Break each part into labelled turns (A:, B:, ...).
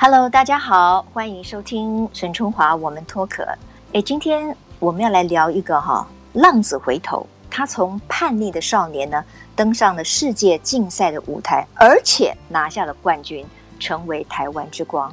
A: Hello，大家好，歡迎收聽沈春華我們脫殼。哎，今天我們要來聊一個哈，浪子回頭，他從叛逆的少年呢，登上了世界競賽的舞台，而且拿下了冠軍，成為台灣之光。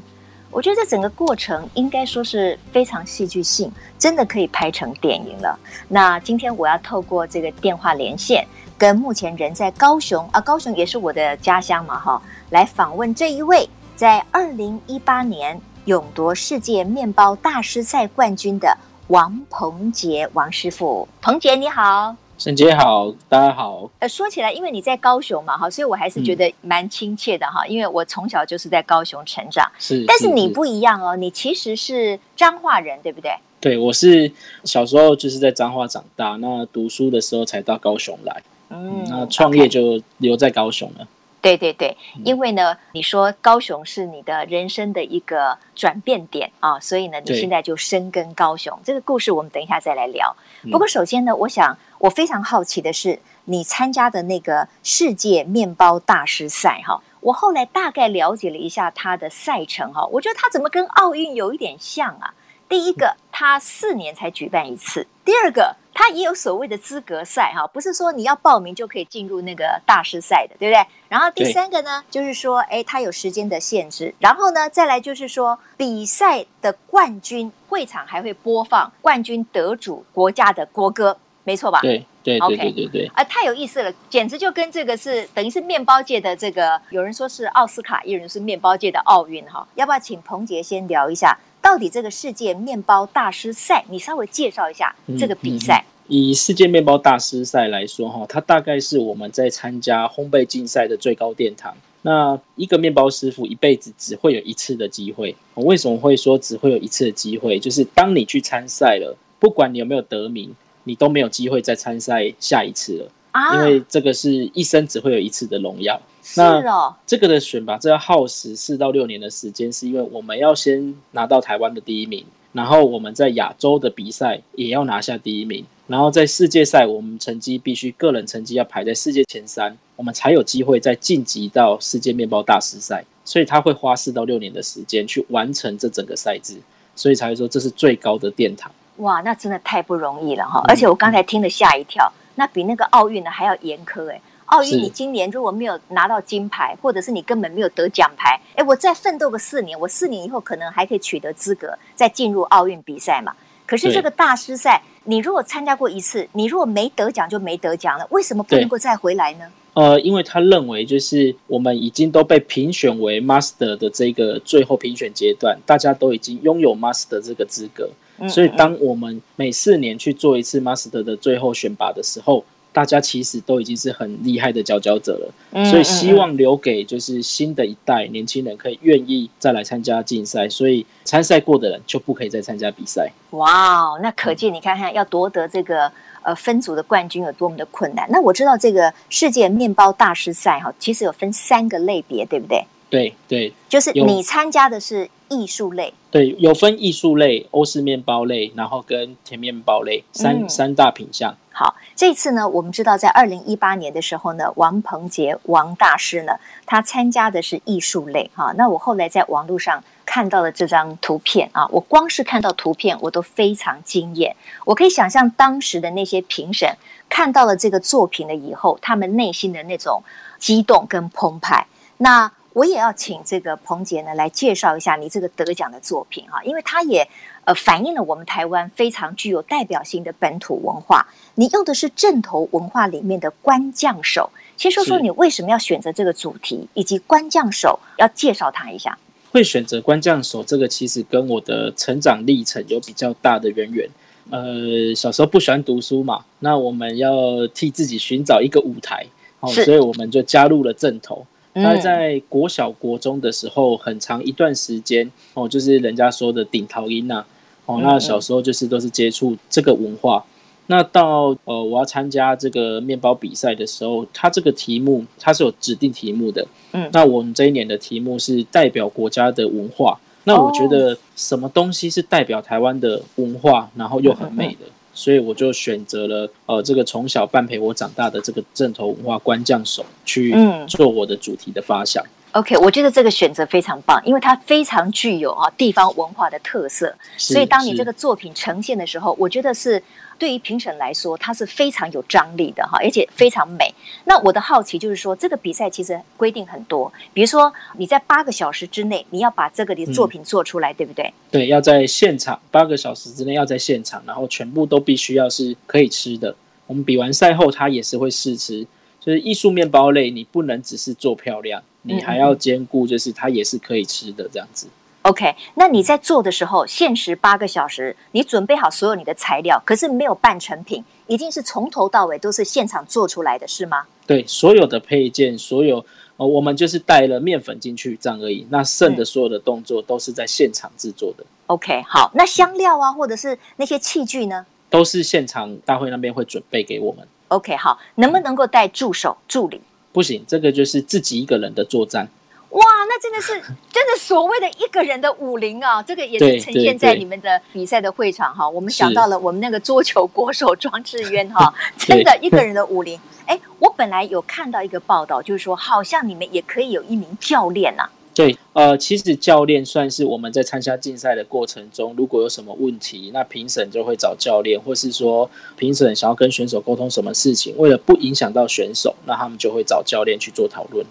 A: 我覺得這整個過程應該說是非常戲劇性，真的可以拍成電影了。那今天我要透過這個電話連線，跟目前人在高雄啊，高雄也是我的家鄉嘛，哈，來訪問這一位。在二零一八年勇奪世界麵包大師賽冠軍的王鵬傑王師傅，鵬傑你好，
B: 沈傑好，大家好。
A: 呃，說起來，因為你在高雄嘛，哈，所以我還是覺得蠻親切的哈，嗯、因為我從小就是在高雄成長。是，是，但是你不一樣哦，你其實是彰化人，對不對？
B: 對，我是小時候就是在彰化長大，那讀書的時候才到高雄來，哦、嗯，那創業就留在
A: 高雄了。哦 okay 對對對，因為呢，你說高雄是你的人生的一個轉變點啊，所以呢，你現在就深耕高雄。這個故事我們等一下再來聊。不過首先呢，我想我非常好奇的是，你參加的那個世界麵包大師賽哈，我後來大概了解了一下它的賽程哈，我覺得它怎麼跟奧運有一點像啊？第一個，它四年才舉辦一次；第二個。他也有所謂的資格賽哈，不是說你要報名就可以進入那個大師賽的，對不對？然後第三個呢，對 就是說、欸，誒他有時間的限制。然後呢，再來就是說，比賽的冠軍會場還會播放冠軍得主國家的國歌，沒錯吧？對對對對對對，Okay 啊，太有意思了，簡直就跟這個是等於是麵包界的這個，有人說是奧斯卡，有人是麵包界的奧運哈。要不要請鵬傑先聊一下？到底這個世界麵包大師賽，你稍微介紹一下這個比賽。
B: 嗯嗯，以世界麵包大師賽來說，哈，它大概是我們在參加烘焙競賽的最高殿堂。那一個麵包師傅一輩子只會有一次的機會。我為什麼會說只會有一次的機會？就是當你去參賽了，不管你有沒有得名，你都沒有機會再參賽下一次了。因為這個是一生只會有一次的榮耀，啊，那這個的選拔，這要耗時四到六年的時間，是因為我們要先拿到台灣的第一名，然後我們在亞洲的比賽也要拿下第一名，然後在世界賽，我們成績必須個人成績要排在世界前三，我們才有機會再晉級到世界麵包大師賽。所以他會花四到六年的時間去完成這整個賽制，所以才會說這是最高的殿堂。
A: 哇，那真的太不容易了哈！而且我剛才聽了嚇一跳。那比那個奧運呢還要嚴苛誒、欸，奧運，你今年如果沒有拿到金牌，或者是你根本沒有得獎牌，誒，我再奮鬥個四年，我四年以後可能還可以取得資格，再進入奧運比賽嘛。可是這個大師賽，你如果參加過一次，你如果沒得獎就沒得獎了，為什麼不能夠再回來呢？
B: 呃，因為他認為就是我們已經都被評選為 master 的這個最後評選階段，大家都已經擁有 master 這個資格。所以，當我們每四年去做一次 Master 的最後選拔的時候，大家其實都已經是很厲害的佼佼者了。所以，希望留給就是新的一代年輕人可以願意再來參加競賽。所以，參賽過的人就不可以再參加比賽。
A: 哇，wow, 那可見你看看要奪得這個呃，分組的冠軍有多麼的困難。那我知道這個世界麵包大師賽哈，其實有分三個類別，對不對？對
B: 對，對就是你參
A: 加的是藝術類。
B: 對，有分藝術類、歐式麵包類，然後跟甜麵包類三三大品項。
A: 好，這次呢，我們知道在二零一八年的時候呢，王鵬杰王大師呢，他參加的是藝術類哈、啊，那我後來在網絡上看到了這張圖片啊，我光是看到圖片我都非常驚艷。我可以想象當時的那些評審看到了這個作品了以後，他們內心的那種激動跟澎湃。那我也要請這個鵬傑呢來介紹，一下你這個得獎的作品哈、啊，因為它也呃反映了我們台灣非常具有代表性的本土文化。你用的是陣頭文化裡面的官將首，先說說你為什麼要選擇這個主題，以及官將首要介紹他一下。會選擇官將首這個，其實跟我的
B: 成長歷程有比較大的淵源，源。呃，小時候不喜歡讀書嘛，那我們要替自己尋找一個舞台、哦，所以我們就加入了陣頭。那在國小、國中的時候，很長一段時間哦，就是人家說的陣頭音吶、啊。哦，那小時候就是都是接觸這個文化。嗯嗯。那到呃，我要參加這個麵包比賽的時候，它這個題目它是有指定題目的。嗯，那我們這一年的題目是代表國家的文化。嗯、那我覺得什麼東西是代表台灣的文化，然後又很美的？所以我就選擇了呃，這個從小伴陪我長大的這個陣頭文化官將首，去做我的主題的發想。
A: 嗯、OK，我覺得這個選擇非常棒，因為它非常具有啊地方文化的特色。是所以當你這個作品呈現的時候，是我覺得是。對於評審來說，它是非常有張力的哈，而且非常美。那我的好奇就是說，這個比賽其實規定很多，比如說你在八個小時之內，你要把這個的作品做出來，嗯、對不對？
B: 對，要在現場八個小時之內要在現場，然後全部都必須要是可以吃的。我們比完賽後，它也是會試吃，就是藝術麵包類，你不
A: 能只是做漂亮，你還要兼顧，就是它也是可以吃的、嗯、這樣子。OK，那你在做的時候，限時八個小時，你準備好所有你的材料，可是沒有半成品，已經是從頭到尾都是現場做出來的，是嗎？
B: 對，所有的配件，所有呃，我們就是帶了麵粉進去這樣而已。那剩的所有的動作都是在現場制作的。嗯。OK，好，那
A: 香料啊，或者是那些器具呢？嗯。
B: 都是現場大會那邊會準備給我們。OK，好，能不能夠帶助手助理？不行，這個就是自己一個人的作戰。
A: 哇，那真的是真的所謂的一個人的武林啊！ 這個也是呈現在你們的比賽的會場哈。對對對，我們想到了我們那個桌球國手莊智淵哈，是笑真的一個人的武林。哎、欸，我本來有看到一個報道，就是說好像你們也可以有一名教練吶、啊。
B: 對，呃，其實教練算是我們在參加競賽的過程中，如果有什麼問題，那評審就會找教練，或是說評審想要跟選手溝通什麼事情，為了不影響到選手，那他們就會找教練去做討論。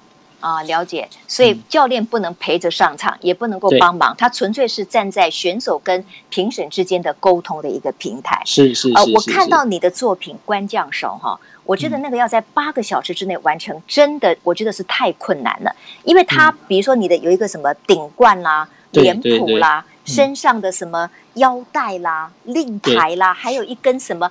A: 啊，了解。所以教練不能陪着上場，也不能夠幫忙，他純粹是站在選手跟評審之間的溝通的一個平台。是是是，呃，我看到你的作品官將首哈，我覺得那個要在八個小時之內完成，真的我覺得是太困難了。因為他比如說你的有一個什麼頂冠啦、臉譜啦、身上的什麼腰帶啦、令牌啦，還有一根什麼，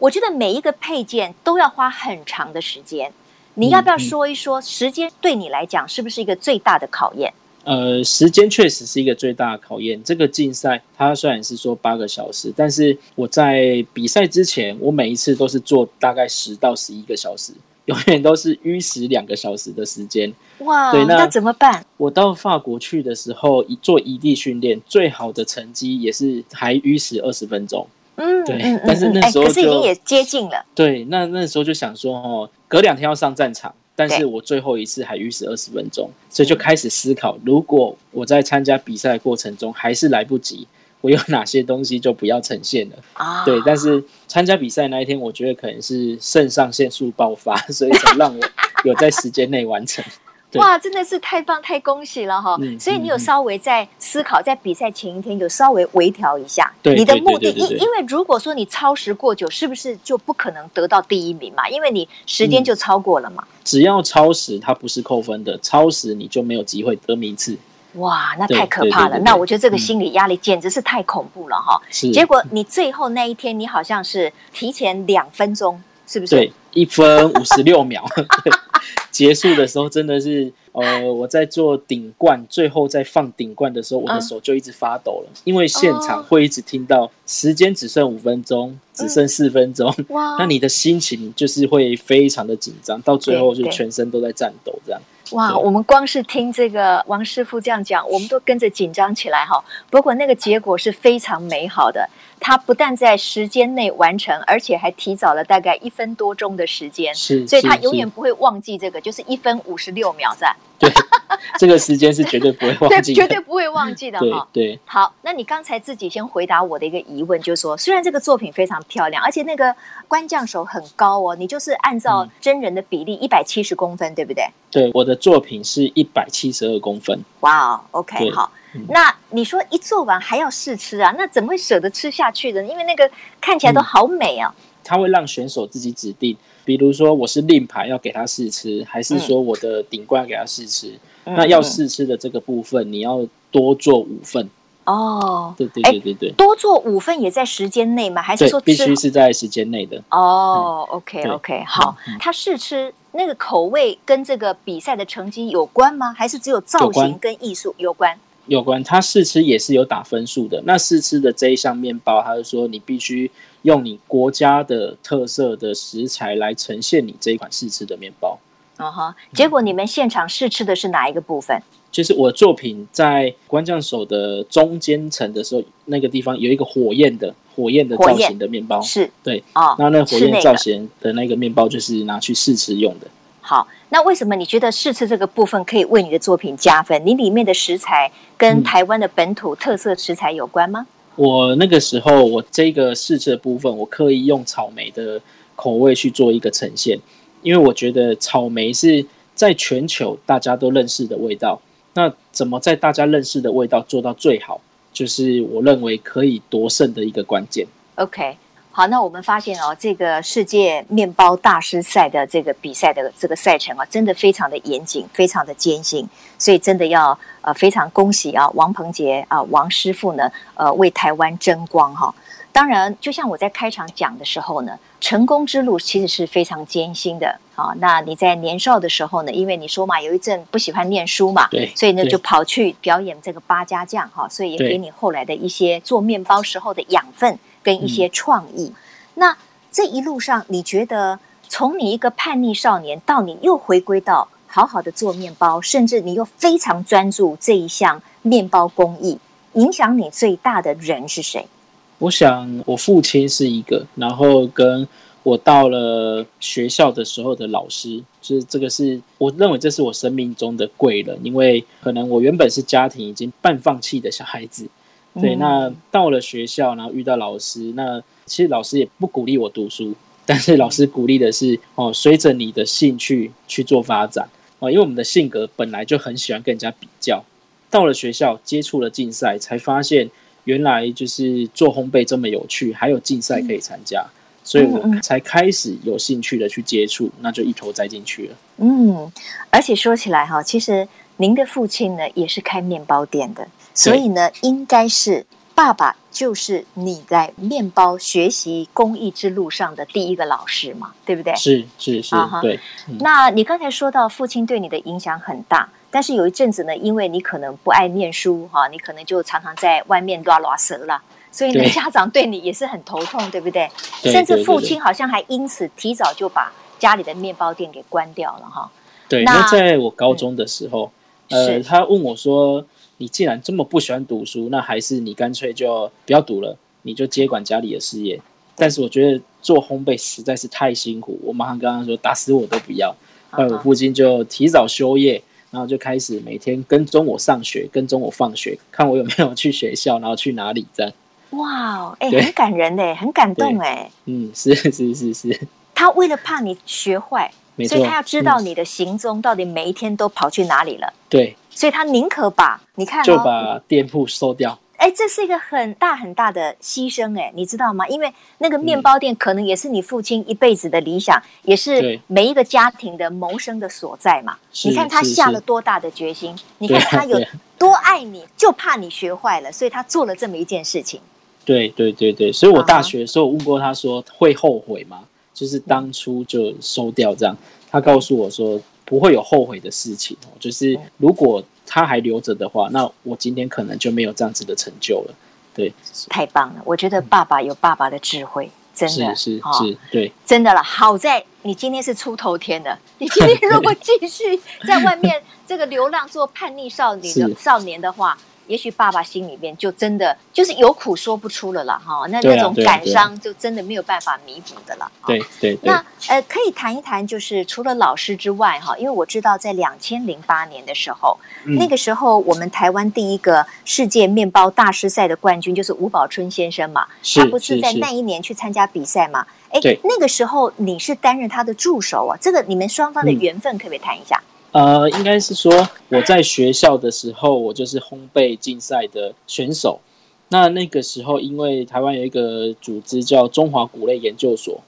A: 我覺得每一個配件都要花很長的時間。你要不要說一說，時間對你來講是不是一個最大的考驗？嗯
B: 嗯、呃，時間確實是一個最大的考驗。這個競賽它雖然是說八個小時，但是我在比賽之前，我每一次都是做大概十到十一個小時，永遠都是逾時兩個小時的時間。哇，對，那，那怎麼辦？我到法國去的時候做移地訓練，最好的成績也是還逾時二十分鐘。
A: 嗯，對，嗯、但是那時候、哎、可是已經也接近了。
B: 對，那那時候就想說哦。隔兩天要上戰場，但是我最後一次還逾時二十分鐘，對所以就開始思考，如果我在參加比賽的過程中還是來不及，我有哪些東西就不要呈現了。啊、對，但是參加比賽那一天，我覺得可能是腎上腺素爆發，所以才讓我有在時間內完成。
A: 哇，真的是太棒，太恭喜了哈！所以你有稍微在思考，在比賽前一天有稍微微調一下。對，你的目的因因為如果說你超時過久，是不是就不可能得到第一名嘛？因為你時間就超過了嘛。
B: 只要超時，它不是扣分的，超時你就沒有機會得名次。
A: 哇，那太可怕了！那我覺得這個心理壓力簡直是太恐怖了哈！結果你最後那一天，你好像是提前兩分鐘，是不是？對。
B: 一分五十六秒 結束的時候，真的是，呃，我在做頂冠，最後在放頂冠的時候，嗯、我的手就一直發抖了，因為現場會一直聽到時間只剩五分鐘，嗯、只剩四分鐘，嗯、那你的心情就是會非常的緊張，哇到最後就全身都在顫
A: 抖。這樣。哇，我們光是聽這個王師傅這樣講，我們都跟着緊張起來哈。 不過那個結果是非常美好的。他不但在時間內完成，而且還提早了大概一分多鐘的時間，是，是，所以他永遠不會忘記這個，是，是就是一分五十六秒，在、啊、
B: 對， 這個時間是絕對不會忘記的，對，絕對
A: 不會忘記的哈。對、哦。好，那你剛才自己先回答我的一個疑問，就是說，雖然這個作品非常漂亮，而且那個官將首很高哦，你就是按照真人的比例一百七十公分，嗯、對不對？
B: 對，我的作品是一百七十二公分。
A: 哇 Wow，OK，對好。那你說一做完還要試吃啊？那怎麼會捨得吃下去的？因為那個看起來都好美啊、嗯！
B: 他會讓選手自己指定，比如說我是令牌要給他試吃，還是說我的頂冠要給他試吃？嗯、那要試吃的這個部分，嗯嗯，你要多做五份
A: 哦。對對對對對、欸，多做五份也在時間內嗎？還是說必須
B: 是在時間內的？
A: 哦，OK OK，好。嗯嗯，他試吃那個口味跟這個比賽的成績有關嗎？還是只有造型跟藝術有關？有關
B: 有關，他試吃也是有打分數的。那試吃的這一項麵包，他就說你必須用你國家的特色的食材來呈現你這一款試吃的麵包。啊哈、
A: uh！Huh, 結果你們現場試吃的是哪一個部分？
B: 嗯、就是我作品在官將首的中間層的時候，那個地方有一個火焰的火焰的造型的麵包，是，對
A: 哦。那那火焰造型
B: 的那個麵包就是拿去試吃用的。那
A: 個、好。那為什麼你覺得試吃這個部分可以為你的作品加分？你裡面的食材跟台灣的本土特色食材有關嗎？
B: 我那個時候，我這個試吃的部分，我刻意用草莓的口味去做一個呈現，因為我覺得草莓是在全球大家都認識的味道。那怎麼在大家認識的味道做到最好，就是我認為可以奪勝的一個關鍵。
A: OK。好，那我們發現哦，這個世界麵包大師賽的這個比賽的這個賽程啊，真的非常的嚴謹，非常的艱辛，所以真的要呃非常恭喜啊，王鵬傑啊、呃，王師傅呢，呃為台灣爭光哈、哦。當然，就像我在開場講的時候呢，成功之路其實是非常艱辛的啊、哦。那你在年少的時候呢，因為你說嘛，有一陣不喜歡念書嘛，對，所以呢就跑去表演這個八家將哈對、哦，所以也給你後來的一些做麵包時候的養分。跟一些創意，嗯、那這一路上，你覺得從你一個叛逆少年到你又回歸到好好的做麵包，甚至你又非常專注這一項麵包工藝，影響你最大的人是誰？
B: 我想，我父親是一個，然後跟我到了學校的時候的老師，就是這個是，我認為這是我生命中的貴人，因為可能我原本是家庭已經半放棄的小孩子。對，那到了學校，然後遇到老師，那其實老師也不鼓勵我讀書，但是老師鼓勵的是哦，隨着你的興趣去做發展哦，因為我們的性格本來就很喜歡跟人家比較。到了學校，接觸了競賽，才發現原來就是做烘焙這麼有趣，還有競賽可以參加，嗯，所以我才開始有興趣的去接觸，嗯，那就一頭栽進去了。
A: 嗯，而且說起來哈，其實您的父親呢，也是開面包店的。所以呢，應該是爸爸就是你在麵包學習工藝之路上的第一個老師嘛，對不對？是是是，是是 uh huh. 對。嗯、那你剛才說到父親對你的影響很大，但是有一陣子呢，因為你可能不愛念書哈、啊，你可能就常常在外面拉拉舌了，所以呢，對家長對你也是很頭痛，對不對？對，甚至父親好像還因此提早就把家裡的麵包店給關掉了哈。啊、對。那，那在
B: 我高中的時候，嗯、呃，是他問我說，你既然這麼不喜歡讀書，那還是你乾脆就不要讀了，你就接管家裡的事業。但是我覺得做烘焙實在是太辛苦，我馬上跟他說打死我都不要。Uh huh. 後來我父親就提早休業，然後就開始每天跟蹤我上學，跟蹤我放學，看我有沒有去學校，然後去哪裡這樣。
A: 哇，哎、wow, 欸，對很感人哎，很感動哎。
B: 嗯，是是是是。是是
A: 他為了怕你學壞，錯所以他要知道你的行蹤到底每一天都跑去哪裡了。嗯、對。所以他寧可把你看，就把
B: 店鋪收掉，
A: 哎、欸，這是一個很大很大的犧牲，欸，哎，你知道嗎？因為那個麵包店可能也是你父親一輩子的理想，嗯、也是每一個家庭的謀生的所在嘛。對，你看他下了多大的決心，你看他有多愛你，就怕你學壞了，啊啊、所以他做了這麼一件事情。
B: 對對對對，所以我大學的時候問過他說會後悔嗎？啊、就是當初就收掉這樣，他告訴我說。不會有後悔的事情哦，就是如果他還留着的話，那我今天可能就沒有這樣子的成就了。對，
A: 太棒了！我覺得爸爸有爸爸的智慧，嗯、真的是是，哦、是對，真的了。好在你今天是出頭天的，你今天如果繼續在外面這個流浪做叛逆少女的 是少年的話。也許爸爸心裡面就真的就是有苦說不出了啦，哈，那那種感傷就真的沒有辦法彌補的了。對對，對，對那。那呃，可以談一談，就是除了老師之外，哈，因為我知道在兩千零八年的時候，嗯、那個時候我們台灣第一個世界面包大師賽的冠軍就是吳寶春先生嘛，他不是在那一年去參加比賽嘛？哎、欸，對那個時候你是擔任他的助手啊，這個你們雙方的緣分，可不可以談一下？嗯
B: 呃，應該是說我在學校的時候，我就是烘焙競賽的選手。那那個時候，因為台灣有一個組織叫中華穀類研究所，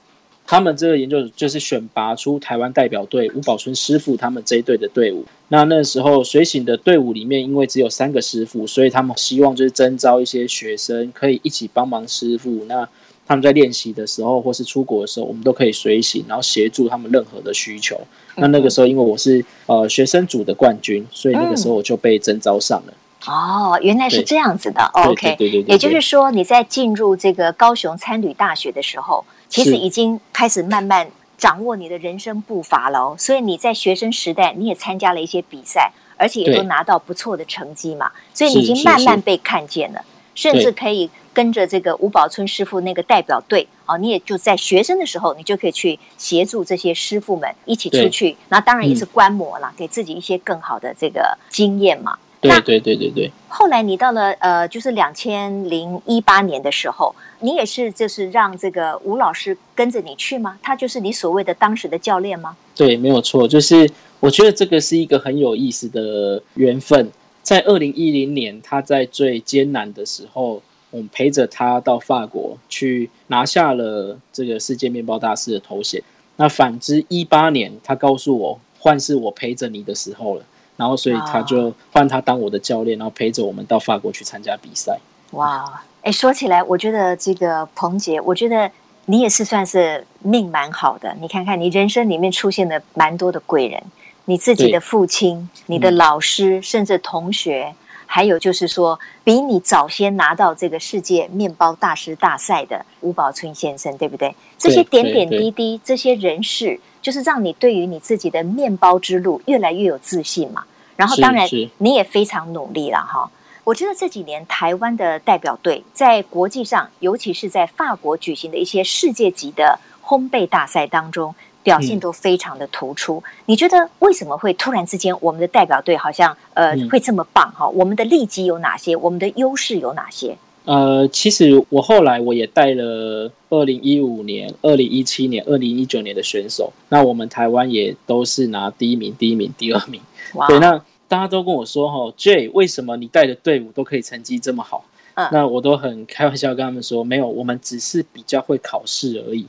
B: 他們這個研究所就是選拔出台灣代表隊吳寶春師傅他們這一隊的隊伍。那那個時候隨行的隊伍裡面，因為只有三個師傅，所以他們希望就是徵召一些學生可以一起幫忙師傅。那他們在練習的時候，或是出國的時候，我們都可以隨行，然後協助他們任何的需求。嗯、哼那那個時候，因為我是呃學生組的冠軍，所以那個時候我就被徵召上
A: 了、嗯。哦，原來是這樣子的。對 OK，對對，對對對。也就是說，你在進入這個高雄餐旅大學的時候，其實已經開始慢慢掌握你的人生步伐了、哦。是所以你在學生時代，你也參加了一些比賽，而且也都拿到不錯的成績嘛。對所以你已經慢慢被看見了，是是是甚至可以。跟着這個吳寶春師傅那個代表隊哦，你也就在學生的時候，你就可以去協助這些師傅們一起出去。那對當然也是觀摩啦，嗯、給自己一些更好的這個經驗嘛。
B: 對對對對對。
A: 後來你到了呃，就是兩千零一八年的時候，你也是就是讓這個吳老師跟着你去嗎？他就是你所謂的當時的教練嗎？
B: 對，沒有錯，就是我覺得這個是一個很有意思的緣分。在二零一零年，他在最艱難的時候。我陪着他到法國去拿下了這個世界麵包大師的頭銜。那反之，一八年他告訴我，換是我陪着你的時候了。然後，所以他就換他當我的教練，然後陪着我們到法國去參加比賽。
A: 哇，哎，說起來，我覺得這個鵬傑，我覺得你也是算是命蠻好的。你看看，你人生裡面出現了蠻多的貴人，你自己的父親、對你的老師，嗯、甚至同學。還有就是說，比你早先拿到這個世界麵包大師大賽的吳寶春先生，對不對？這些點點滴滴，這些人士，就是讓你對於你自己的麵包之路越來越有自信嘛。然後，當然你也非常努力了哈。我覺得這幾年台灣的代表隊在國際上，尤其是在法國舉行的一些世界級的烘焙大賽當中。表現都非常的突出，嗯、你覺得為什麼會突然之間我們的代表隊好像呃、嗯、會這麼棒哈？我們的利基有哪些？我們的優勢有哪些？
B: 呃，其實我後來我也帶了二零一五年、二零一七年、二零一九年的選手，那我們台灣也都是拿第一名、第一名、第二名。哇對，那大家都跟我說哈，Jay 為什麼你帶的隊伍都可以成績這麼好？嗯，那我都很開玩笑跟他們說，沒有，我們只是比較會考試而已。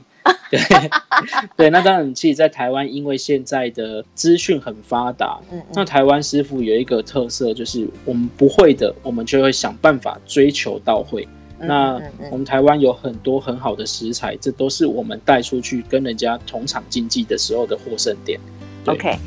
B: 對，對那當然，其實，在台灣，因為現在的資訊很發達，嗯嗯、那台灣師傅有一個特色，就是我們不會的，我們就會想辦法追求到會。嗯
A: 嗯嗯、那我們
B: 台灣有很多很好的食材，這都是我們帶出去跟人家同場競技的時候的獲勝點。
A: OK。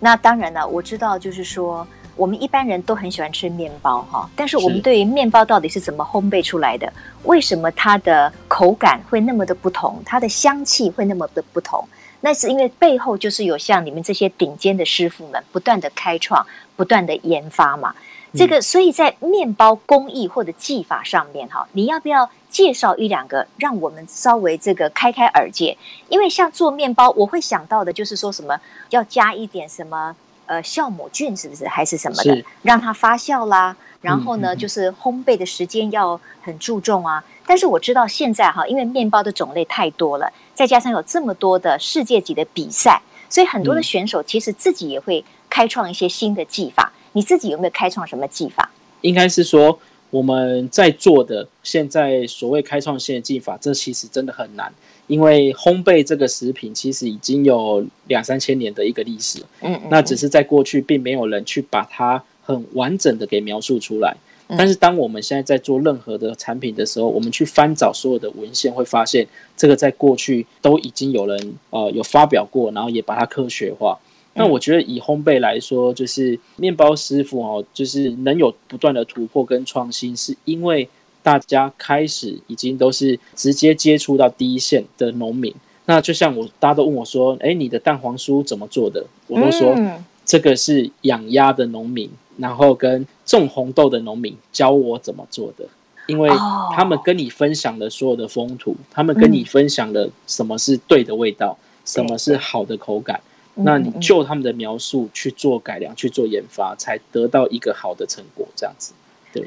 A: 那當然了，我知道，就是說。我們一般人都很喜歡吃麵包，哈，但是我們對於麵包到底是怎麼烘焙出來的，是為什麼它的口感會那麼的不同，它的香氣會那麼的不同，那是因為背後就是有像你們這些頂尖的師傅們不斷的開創，不斷的研發嘛。這個，所以在麵包工藝或者技法上面，哈，你要不要介紹一兩個，讓我們稍微這個開開耳界？因為像做麵包，我會想到的就是說什麼要加一點什麼。呃，酵母菌是不是還是什麼的，是讓它發酵啦？然後呢，嗯、就是烘焙的時間要很注重啊。嗯、但是我知道現在哈、啊，因為麵包的種類太多了，再加上有這麼多的世界級的比賽，所以很多的選手其實自己也會開創一些新的技法。嗯、你自己有沒有開創什麼技法？
B: 應該是說我們在做的現在所謂開創性的技法，這其實真的很難。因為烘焙這個食品其實已經有兩三千年的一個歷史，嗯嗯，那只是在過去並沒有人去把它很完整的給描述出來。但是當我們現在在做任何的產品的時候，我們去翻找所有的文獻，會發現這個在過去都已經有人呃有發表過，然後也把它科學化。那我覺得以烘焙來說，就是面包師傅哦，就是能有不斷的突破跟創新，是因為。大家開始已經都是直接接觸到第一線的農民。那就像我，大家都問我說：“哎、欸，你的蛋黃酥怎麼做的？”我都說：“嗯、這個是養鴨的農民，然後跟種紅豆的農民教我怎麼做的。因為他們跟你分享了所有的風土，哦、他們跟你分享了什麼是對的味道，嗯、什麼是好的口感，嗯、那你就他們的描述去做改
A: 良，去做研發，才得到一個好的成果。這樣子。”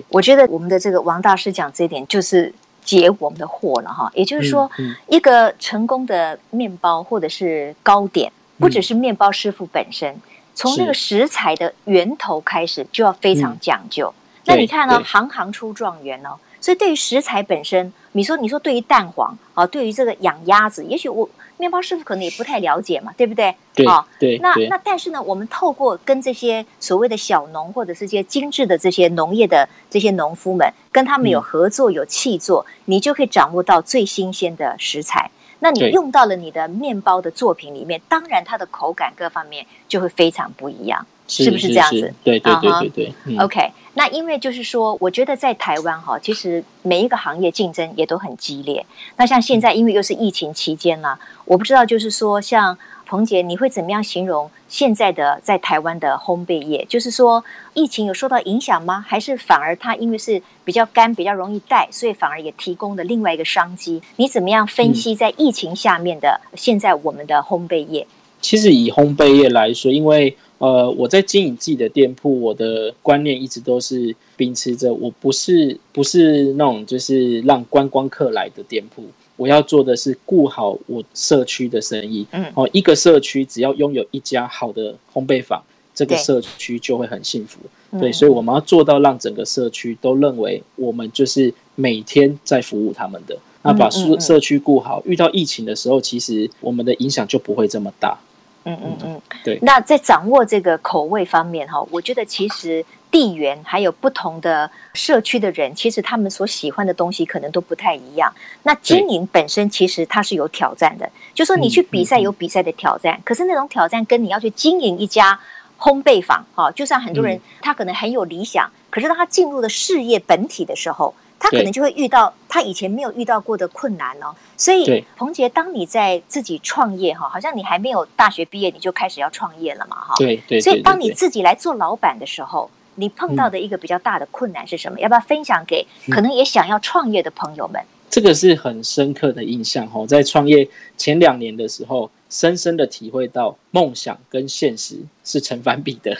A: 我覺得我們的這個王大師講這一點，就是解我們的惑了哈。也就是說，一個成功的麵包或者是糕點，不只是麵包師傅本身，從那個食材的源頭開始就要非常講究。那你看呢？行行出狀元哦。所以對於食材本身，你說你說對於蛋黃啊，對於這個養鴨子，也許我。麵包師傅可能也不太了解嘛，對不對？對對，對哦、那對對那，那但是呢，我們透過跟這些所謂的小農或者是些精緻的這些農業的這些農夫們，跟他們有合作、嗯、有契作，你就可以掌握到最新鮮的食材。那你用到了你的麵包的作品裡面，對當然它的口感各方面就會非常不一樣，是不是這樣子？是是是對對對對對、uh huh.，OK。那因為就是說，我覺得在台灣哈，其實每一個行業競爭也都很激烈。那像現在，因為又是疫情期間了，我不知道就是說，像鵬傑，你會怎麼樣形容現在的在台灣的烘焙業？就是說，疫情有受到影響嗎？還是反而它因為是比較乾、比較容易帶，所以反而也提供了另外一個商機？你怎麼樣分析在疫情下面的現在我們的烘焙業、嗯？
B: 其實以烘焙業來說，因為。呃，我在經營自己的店鋪，我的觀念一直都是秉持着，我不是不是那種就是讓觀光客來的店鋪，我要做的是顧好我社區的生意。嗯，哦，一個社區只要擁有一家好的烘焙坊，這個社區就會很幸福。嗯、對，所以我們要做到讓整個社區都認為我們就是每天在服務他們的，嗯嗯嗯，那把社社區顧好。遇到疫情的時候，其實我們的影響就不會這麼大。嗯嗯嗯，
A: 嗯對。那在掌握這個口味方面哈，我覺得其實地緣還有不同的社區的人，其實他們所喜歡的東西可能都不太一樣。那經營本身其實它是有挑戰的，對就說你去比賽有比賽的挑戰，嗯嗯嗯，可是那種挑戰跟你要去經營一家烘焙坊哈，就像很多人他可能很有理想，嗯、可是當他進入了事業本體的時候。他可能就會遇到他以前沒有遇到過的困難哦，所以鵬傑，當你在自己創業哈，好像你還沒有大學畢業，你就開始要創業了嘛哈？對對。所以當你自己來做老闆的時候，你碰到的一個比較大的困難是什麼？要不要分享給可能也想要創業的朋友們？
B: 這個是很深刻的印象哈，在創業前兩年的時候，深深的體會到夢想跟現實是成反比的。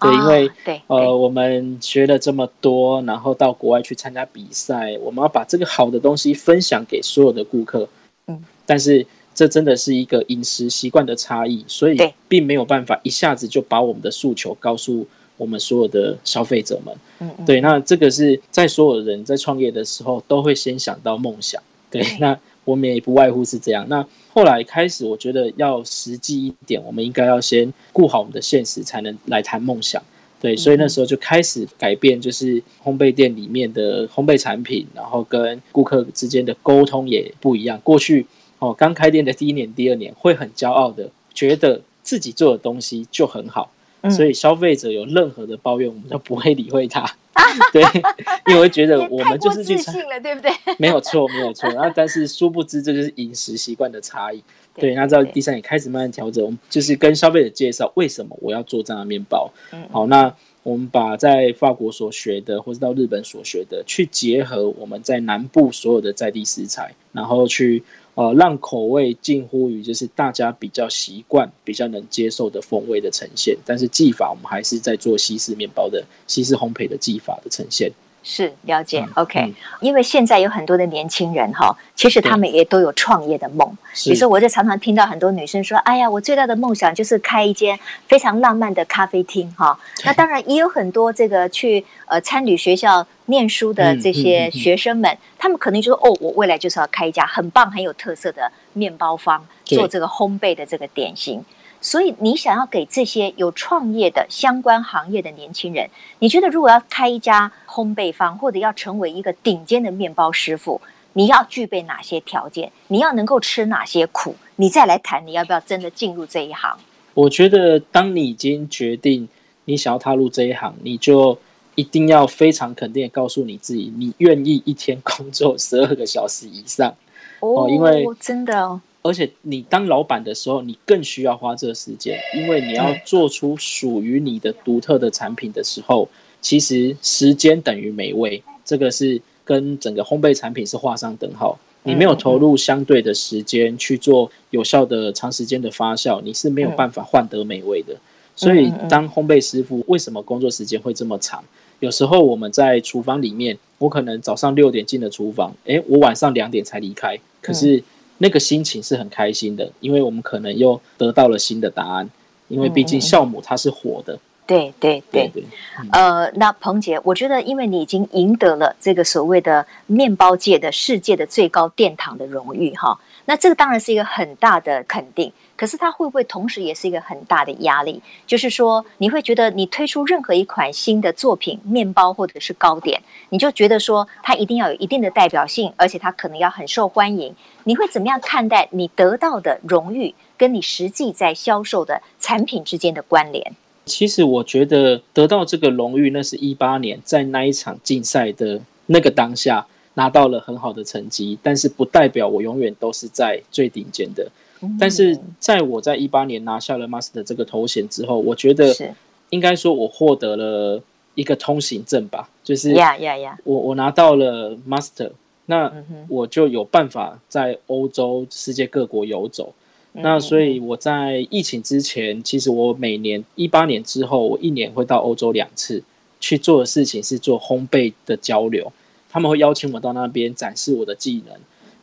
B: 對，因為、哦、呃，我們學了這麼多，然後到國外去參加比賽，我們要把這個好的東西分享給所有的顧客。嗯，但是這真的是一個飲食習慣的差異，所以並沒有辦法一下子就把我們的訴求告訴我們所有的消費者們。嗯、對，那這個是在所有人在創業的時候都會先想到夢想。嗯、對，那。我們也不外乎是這樣。那後來開始，我覺得要實際一點，我們應該要先顧好我們的現實，才能來談夢想。對，嗯，所以那時候就開始改變，就是烘焙店裡面的烘焙產品，然後跟顧客之間的溝通也不一樣。過去哦，剛開店的第一年、第二年，會很驕傲的，覺得自己做的東西就很好。嗯、所以消費者有任何的抱怨，我們都不會理會他。啊、哈哈 對，因為覺得我們就是去了，
A: 對不對？沒有
B: 錯，沒有錯。然後、 啊，但是殊不知這就是飲食習慣的差異。對，對，對，對，那在第三也開始慢慢調整，我們就是跟消費者介紹為什麼我要做這樣的面包。嗯、好，那我們把在法國所學的，或是到日本所學的，去結合我們在南部所有的在地食材，然後去。呃，讓口味近乎於就是大家比較習慣、比較能接受的風味的呈現，但是技法我們還是在做西式麵包的西式烘焙的技法的呈現。
A: 是了解，OK，因為現在有很多的年輕人哈，嗯、其實他們也都有創業的夢。對比如說，我就常常聽到很多女生說：“是哎呀，我最大的夢想就是開一間非常浪漫的咖啡廳。對”哈，那當然也有很多這個去呃餐旅學校念書的這些學生們，嗯嗯嗯嗯、他們可能就說：“哦，我未來就是要開一家很棒、很有特色的麵包坊，對做這個烘焙的這個點心。”所以，你想要給這些有創業的相關行業的年輕人，你覺得如果要開一家烘焙坊，或者要成為一個頂尖的麵包師傅，你要具備哪些條件？你要能夠吃哪些苦？你再來談你要不要真的進入這一行？
B: 我覺得，當你已經決定你想要踏入這一行，你就一定要非常肯定的告訴你自己，你願意一天工作十二個小時以上
A: 哦，哦，因為真的。
B: 而且你當老闆的時候，你更需要花這個時間，因為你要做出屬於你的獨特的產品的時候，其實時間等於美味，這個是跟整個烘焙產品是畫上等號。你沒有投入相對的時間去做有效的長時間的發酵，你是沒有辦法換得美味的。所以，當烘焙師傅為什麼工作時間會這麼長？有時候我們在廚房裡面，我可能早上六點進了廚房，誒，我晚上兩點才離開，可是。那個心情是很開心的，因為我們可能又得到了新的答案，因為畢竟酵母它是活的。對、
A: 嗯、對對對，對對嗯、呃，那鵬傑，我覺得因為你已經贏得了這個所謂的面包界的世界的最高殿堂的榮譽哈，那這個當然是一個很大的肯定。可是，它會不會同時也是一個很大的壓力？就是說，你會覺得你推出任何一款新的作品，麵包或者是糕點，你就覺得說它一定要有一定的代表性，而且它可能要很受歡迎。你會怎麼樣看待你得到的榮譽跟你實際在銷售的產品之間的關聯？
B: 其實，我覺得得到這個榮譽，那是一八年在那一場競賽的那個當下拿到了很好的成績，但是不代表我永遠都是在最頂尖的。但是在我在一八年拿下了 Master 這個頭銜之後，我覺得應該說我獲得了一個通行證吧，就是我 yeah, yeah, yeah. 我拿到了 Master，那我就有辦法在歐洲世界各國遊走。
A: 那所以
B: 我在疫情之前，其實我每年一八年之後，我一年會到歐洲兩次，去做的事情是做烘焙的交流，他們會邀請我到那邊展示我的技能。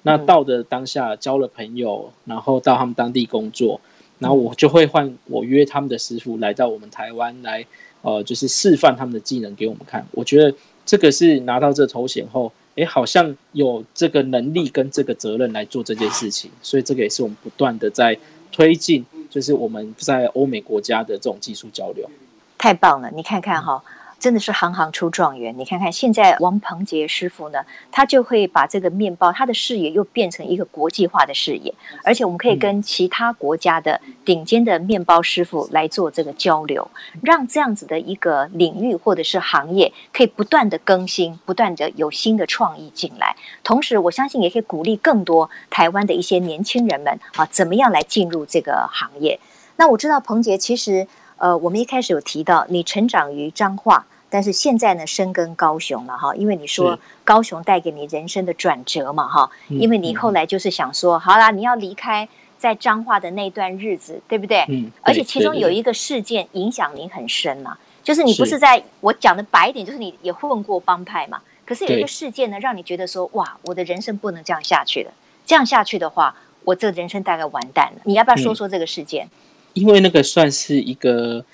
B: 那到的當下交了朋友，然後到他們當地工作，然後我就會換我約他們的師傅來到我們台灣來，呃，就是示範他們的技能給我們看。我覺得這個是拿到這頭銜後，哎、欸，好像有這個能力跟這個責任來做這件事情，所以這個也是我們不斷的在推進，就是我們在歐美國家的這種技術交流。
A: 太棒了，你看看哈、哦。嗯真的是行行出狀元，你看看現在王鵬傑師傅呢，他就會把這個麵包，他的事業又變成一個國際化的事業。而且我們可以跟其他國家的頂尖的麵包師傅來做這個交流，讓這樣子的一個領域或者是行業可以不斷的更新，不斷的有新的創意進來，同時我相信也可以鼓勵更多台灣的一些年輕人們啊，怎麼樣來進入這個行業？那我知道鵬傑，其實呃，我們一開始有提到你成長於彰化。但是現在呢，深耕高雄了哈，因為你說高雄帶給你人生的轉折嘛哈，因為你後來就是想說，好啦，你要離開在彰化的那段日子，對不對？嗯，而且其中有一個事件影響你很深嘛，就是你不是在我講的白一點，就是你也混過幫派嘛，可是有一個事件呢，讓你覺得說，哇，我的人生不能這樣下去了，這樣下去的話，我這個人生大概完蛋了。你要不要說說這個事件？
B: 因為那個算是一個，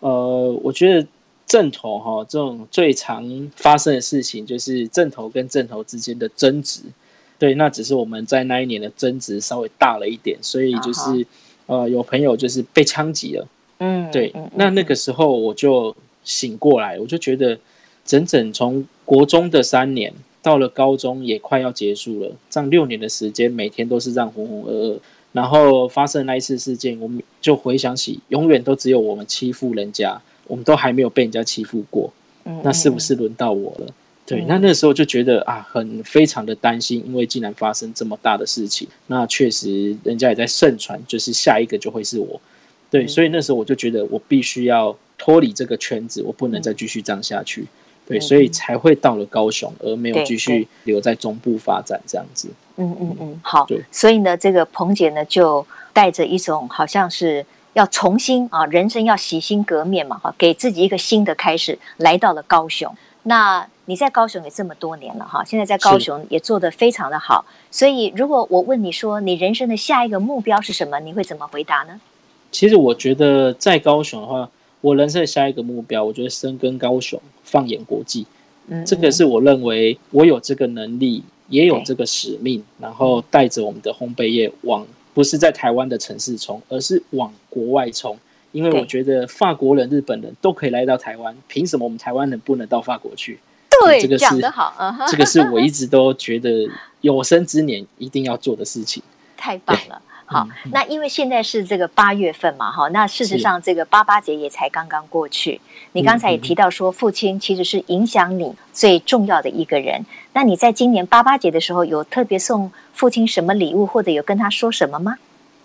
B: 呃，我覺得。陣頭哈、哦，這種最常發生的事情就是陣頭跟陣頭之間的爭執。對，那只是我們在那一年的爭執稍微大了一點，所以就是、啊、好呃，有朋友就是被槍擊了。嗯，對。嗯、那那個時候我就醒過來，嗯、我就覺得整整從國中的三年到了高中也快要結束了，這樣六年的時間每天都是這樣渾渾噩噩，然後發生那一次事件，我們就回想起永遠都只有我們欺負人家。我們都還沒有被人家欺負過，那是不是輪到我了？嗯嗯、對，那那時候就覺得啊，很非常的擔心，因為既然發生這麼大的事情，那確實人家也在盛傳，就是下一個就會是我。對，嗯、所以那時候我就覺得我必須要脫離這個圈子，我不能再繼續這樣下去。嗯、對，所以才會到了高雄，而沒有繼續留在中部發展這樣子。嗯嗯
A: 嗯，好。對，所以呢，這個鵬傑呢，就帶着一種好像是。要重新啊，人生要洗心革面嘛，哈，給自己一個新的開始。來到了高雄，那你在高雄也這麼多年了，哈，現在在高雄也做得非常的好。是所以，如果我問你說你人生的下一個目標是什麼，你會怎麼回答呢？
B: 其實我覺得在高雄的話，我人生的下一個目標，我覺得深耕高雄，放眼國際，嗯，
A: 嗯，
B: 這個是我認為我有這個能力，也有這個使命，哎、然後帶着我們的烘焙業往。不是在台灣的城市衝，而是往國外衝，因為我覺得法國人、對日本人都可以來到台灣，憑什麼我們台灣人不能到法國去？
A: 對、嗯，這個是，講得好。uh huh. 這個是我一直
B: 都覺得有生之年一定要做的事情。
A: 對太棒了。好，嗯嗯、那因為現在是這個八月份嘛，哈，那事實上這個八八節也才剛剛過去。是你剛才也提到說，父親其實是影響你最重要的一個人。嗯嗯、那你在今年八八節的時候，有特別送父親什麼禮物，或者有跟他說什麼嗎？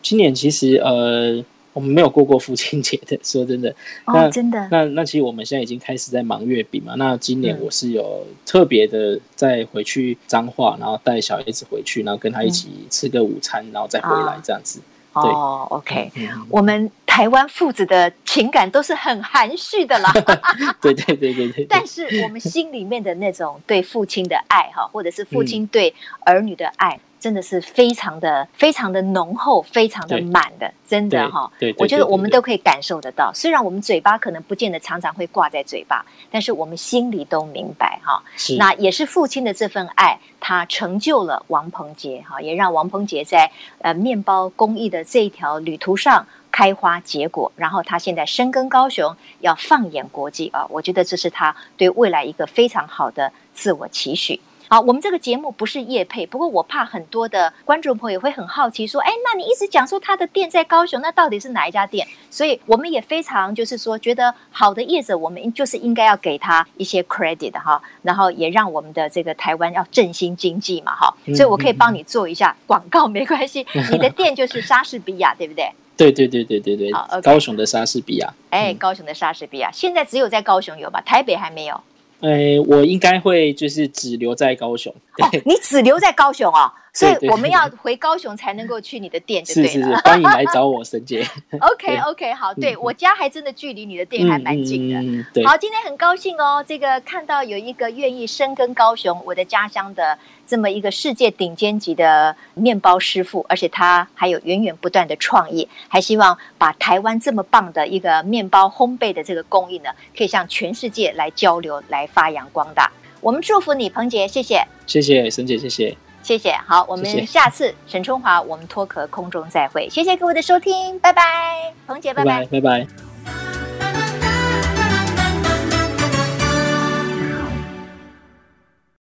B: 今年其實呃。我們沒有過過父親節的，說真的。哦，真的。那那其實我們現在已經開始在忙月餅嘛。那今年我是有特別的，在回去彰化，然後帶小孩子回去，然後跟他一起吃個午餐，然後再回來這樣子。哦，OK。我
A: 們台灣父子的情感都是很含蓄的啦。
B: 對對對對對。但
A: 是我們心裡面的那種對父親的愛哈，或者是父親對兒女的愛真的是非常的、非常的濃厚、非常的滿的，對真的對哈。我覺得我們都可以感受得到。雖然我們嘴巴可能不見得常常會掛在嘴巴，但是我們心裡都明白哈。是那也是父親的這份愛，他成就了王鵬杰哈，也讓王鵬杰在呃麵包工藝的這一條旅途上開花結果。然後他現在深耕高雄，要放眼國際啊！我覺得這是他對未來一個非常好的自我期許。好，我們這個節目不是業配，不過我怕很多的觀眾朋友會很好奇，說，哎、欸，那你一直講說他的店在高雄，那到底是哪一家店？所以我們也非常就是說，覺得好的業者，我們就是應該要給他一些 credit 哈，然後也讓我們的這個台灣要振興經濟嘛，哈。所以，我可以幫你做一下廣告，沒關係，你的店就是莎士比亞， 對不對？對
B: 對對對對對、oh, okay. 欸，高雄的莎士比亞，
A: 哎、嗯，高雄的莎士比亞，現在只有在高雄有吧？台北還沒有。
B: 呃、欸，我應該會就是只留在高雄。
A: 哦，你只留在高雄哦。所以我們要回高雄才能夠去你的店就對了。是是是，歡迎來找我，沈姐。 OK OK，好，嗯、對，我家還真的距離你的店還蠻近的。嗯嗯、
B: 對，好，今
A: 天很高興哦，這個看到有一個願意深耕高雄、我的家鄉的這麼一個世界頂尖級的麵包師傅，而且他還有源源不斷的創意，還希望把台灣這麼棒的一個麵包烘焙的這個工藝呢，可以向全世界來交流，來發揚光大。我們祝福你，鵬傑。謝謝，
B: 謝謝，沈姐，謝謝。謝謝
A: 謝謝，好，謝謝，我們下次沈春華，我們脫殼空中再會，謝謝各位的收聽，拜拜，鵬傑，拜拜，
B: 拜拜。拜拜。